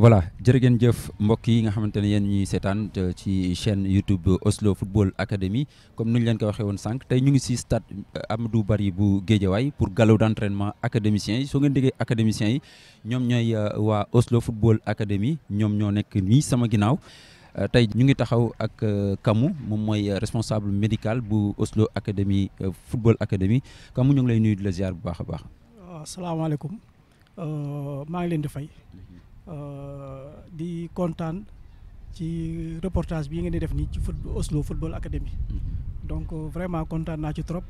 voilà jërë ngeen jëf mbokk yi nga xamante ne yéen ñuy seetaan ci chaîne YouTube Oslo Football Academy comme ni ñu leen ko waxee woon sànq tey ñu ngi si stade euh, Amadou Barry bu waay pour galop d' entraînement académiciens yi soo ngeen déggee académiciens yi ñoom ñooy euh, waa Oslo Football Academy ñoom ñoo nekk nii sama ginnaaw euh, tey ñu ngi taxaw ak Kamou moom mooy responsable médical bu Oslo Academy Football Academy Kamou ñu ngi lay nuyu di la ziar bu baax a baax. asalaamaaleykum ngi leen di Euh, di kontaan ci reportage bi ngeen di def nii ci foot Oslo Football Academy. Mhm. donc euh, vraiment kontaan naa ci trop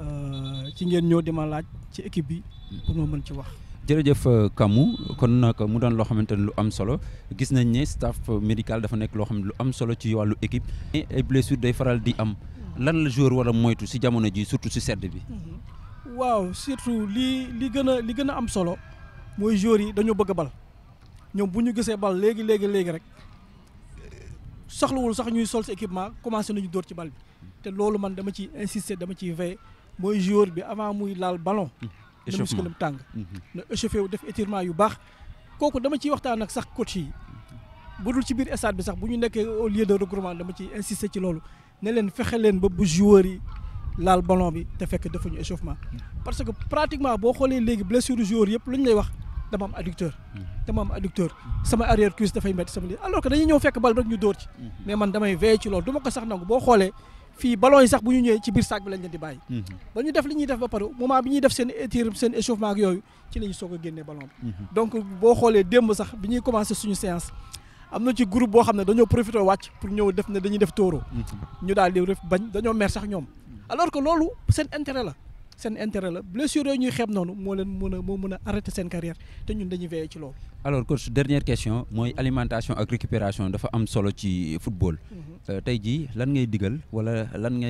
euh, ci ngeen ñëw dima laaj ci équipe bi. Mhm. pour ma mën ci wax. jërëjëf Kamou kon nag mu daan loo xamante ne lu am solo gis nañ ne staff médical dafa nekk loo xam ne lu am solo ci wàllu équipe. ay blessure day faral di am. lan la joueur war moytu si jamono ji surtout si sedd bi. Mhm. waaw surtout li li gën a li gën a am solo mooy joueur yi dañoo bëgg bal. ñoom bu ñu gisee bal léegi léegi léegi rek soxlawul sax ñuy sol si équipement commencé nañu dóor ci bal bi te loolu man dama ci insister dama ciy veiller mooy joueur bi avant muy laal ballon. Hmm. na musculum tàng. Hmm. na échauffé wu def étirement yu baax kooku dama ciy waxtaan ak sax coach yi bu dul ci biir stade bi sax bu ñu nekkee au lieu de regroupement dama ciy insister ci loolu ne leen fexe leen ba bu joueur yi. laal ballon bi te fekk defuñu échauffement hmm. parce que pratiquement boo xoolee léegi blessure joueur yëpp lu ñu lay wax dama am adducteur mhm. dama am sama arrière cuisse dafay métti sama lii alors que dañuy ñëw fekk bal rek ñu dóor ci mhm. mais man damay veillé ci loolu du ma ko sax nangu boo xoolee fii ballon yi sax bu ñu ñëwee ci biir sac bi lañ leen di bàyyi mhm. ba ñu def li ñuy def ba pare moment bi ñuy def seen étire seen échauffement ak yooyu ci la ñu soog a génnee ballon bi donc boo xoolee démb sax bi ñuy commencé suñu séance am na ci groupe boo xam ne dañoo profité wàcc pour ñëw def ne dañuy def tóoro ñu daal di def bañ dañoo mer sax ñoom alors que loolu seen intérêt la seen intérêt la blessure arrêter carrière alors coach dernière question alimentation ak récupération dafa am solo football. Mhm. Euh, tey jii lan ngay digal wala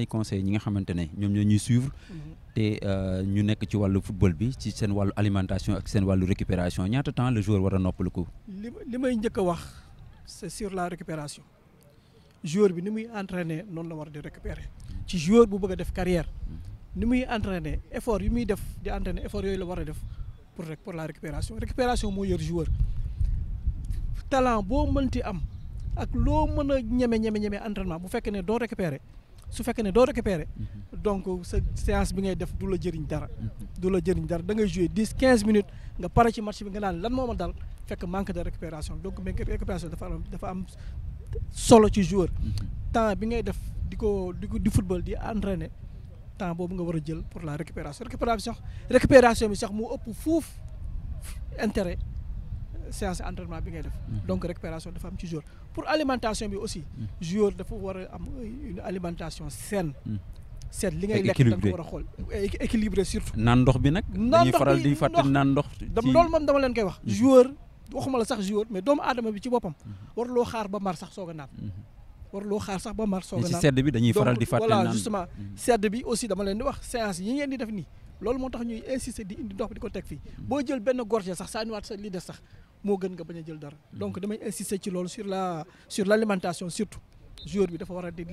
conseil ñi nga suivre. football bi ci seen alimentation ak seen récupération temps le joueur war a noppaliku. li li c'est sur la récupération joueur bi ni muy entraîner la récupérer ci joueur bu bëgg carrière mm. ni muy entraîner effort yi muy def di entraîner effort yooyu la war a def pour rek pour la récupération récupération moo yor joueur talent boo mënti am ak loo mën a ñeme ñeme ñeme entraînement bu fekkee ne doo récupérer su fekkee ne doo récupérer mhm. donc sa séance bi ngay def du la jëriñ dara mhm. du la jëriñ dara da ngay jouer dix quinze minutes nga pare ci match bi nga naan lan moo ma dal fekk manque de récupération donc mais récupération dafa am dafa am solo ci joueur mhm. temps bi ngay def di ko di ko di football di temps boobu nga war a jël pour la récupération récupération récupération bi sax moo ëpp fuuf intérêt séance entraînement bi ngay def mhm. donc récupération dafa am ci joueur pour alimentation bi aussi mhm. joueur dafa war a am une alimentation saine mhm. seet li ngay lekk da nga war a xool équilibré surtout naan ndox bi nag dañuy faral di fàttali naan ndox loolu moom dama leen koy wax joueur waxuma la sax joueur mais doomu aadama bi ci boppam war loo xaar ba mar sax soog a naan lo sax ba voilà justement mm. aussi c'est di wax séance yi ngeen des donc insister sur la sur surtout jour mm.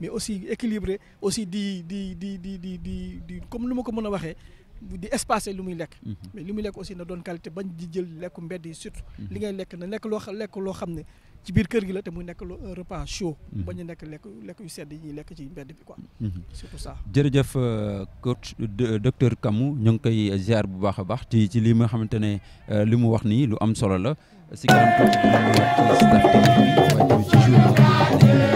mais aussi équilibré aussi di di comme aussi qualité ci biir kër gi la te muy nekk lu repas chaud bañu nekk lekk lekk yu sedd yi lekk ci mbedd bi quoi surtout ça jërëjëf coach docteur Kamu ñu ngi koy ziar bu baax a baax ci ci li nga xamante ne li mu eh, wax nii lu am solo la si kanam ko ci jour